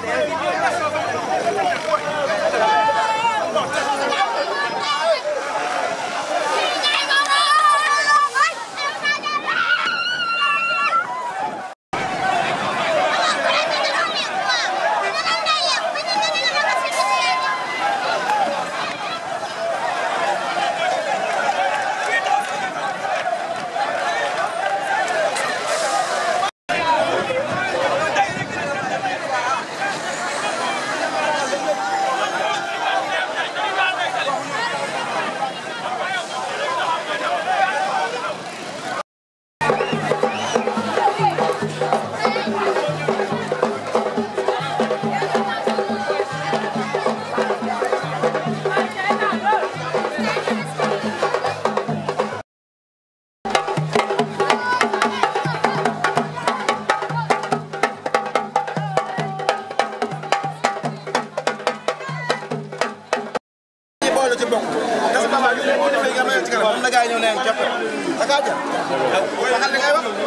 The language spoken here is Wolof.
Friday. da ci bokk parce que baba ñu ko defee nga may ci kanam am na gaay ñëw ne am jàpp da ka jàpp waxal li ngay wax